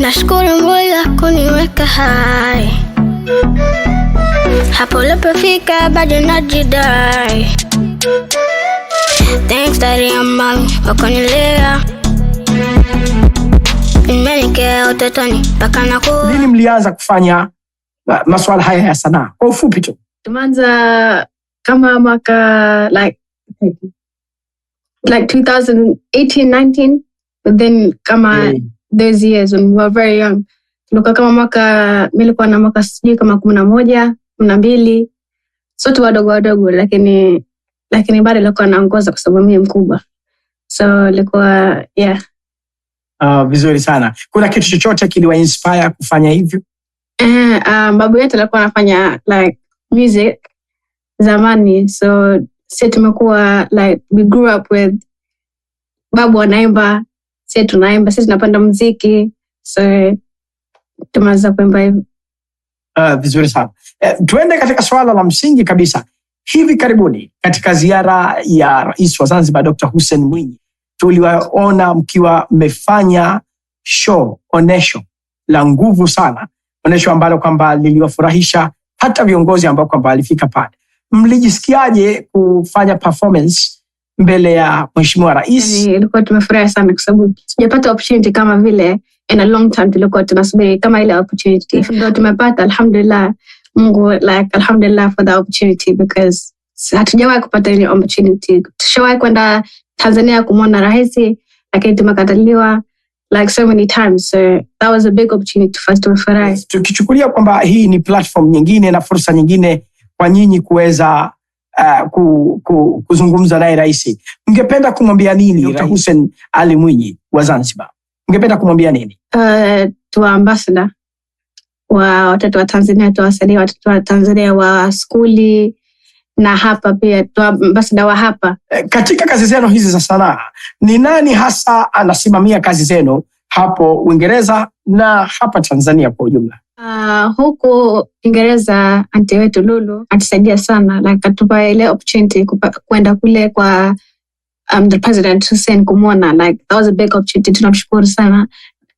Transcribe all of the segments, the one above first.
Nashukuru Mola kuniweka hai, hapo ulipofika bado najidai. Thanks daddy and mami kwa kunilea, imenikea utotoni mpaka nakuwa. Lini mlianza kufanya uh, maswala haya ya sanaa? Kwa ufupi tu, tumeanza kama mwaka like like 2018 19 but then kama mm those years when we were very young tulikuwa kama mwaka likuwa na mwaka sijui kama kumi na moja kumi na mbili sotu wadogo wadogo lakini lakini bado ilikuwa naongoza kwa sababu mie mkubwa so ilikuwa yeah uh, vizuri sana kuna kitu chochote inspire kufanya hivyo uh, um, babu yetu alikuwa anafanya like music zamani so si tumekuwa like we grew up with babu anaimba sie tunaimba, sisi tunapanda mziki, so tumaliza kuimba hivyo. Uh, vizuri sana. Uh, eh, tuende katika swala la msingi kabisa. Hivi karibuni katika ziara ya rais wa Zanzibar Dr. Hussein Mwinyi tuliwaona mkiwa mmefanya show, onesho la nguvu sana, onesho ambalo kwamba liliwafurahisha hata viongozi ambao kwamba walifika pale. Mlijisikiaje kufanya performance mbele ya mheshimiwa rais yaani, ilikuwa yani, tumefurahi sana kwa sababu sijapata opportunity kama vile in a long time tulikuwa tunasubiri kama ile opportunity ndo tumepata alhamdulillah mungu like alhamdulillah for the opportunity because hatujawahi kupata ile opportunity tushawahi kwenda tanzania kumwona rahisi lakini tumekataliwa like so many times so that was a big opportunity first us tumefurahi tukichukulia kwamba hii ni platform nyingine na fursa nyingine kwa nyinyi kuweza Uh, ku, ku, kuzungumza naye rais, mngependa kumwambia nini Dr. Hussein Ali Mwinyi wa Zanzibar? Mngependa kumwambia nini? Uh, tuwa ambassador wa watoto wa Tanzania, tuwasaidia watoto wa Tanzania wa skuli na hapa pia ambasada wa hapa. Eh, katika kazi zenu hizi za sanaa, ni nani hasa anasimamia kazi zenu hapo Uingereza na hapa Tanzania kwa ujumla? Uh, huku Ingereza anti wetu Lulu atusaidia sana like, atupa ile opportunity kwenda kule kwa um, the president Hussein kumwona like, that was a big opportunity. Tunamshukuru sana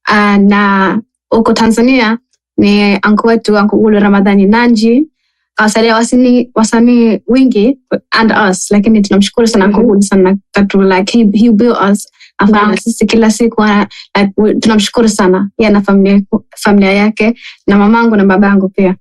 uh, na huko Tanzania ni anko wetu anko Ulu Ramadhani Nanji kawasaidia wasanii wasanii wengi and us, lakini tunamshukuru sana anko Ulu sana katu like, he, he built us ambayo sisi kila siku eh, tunamshukuru sana yeye na familia, familia yake na mamangu na babangu pia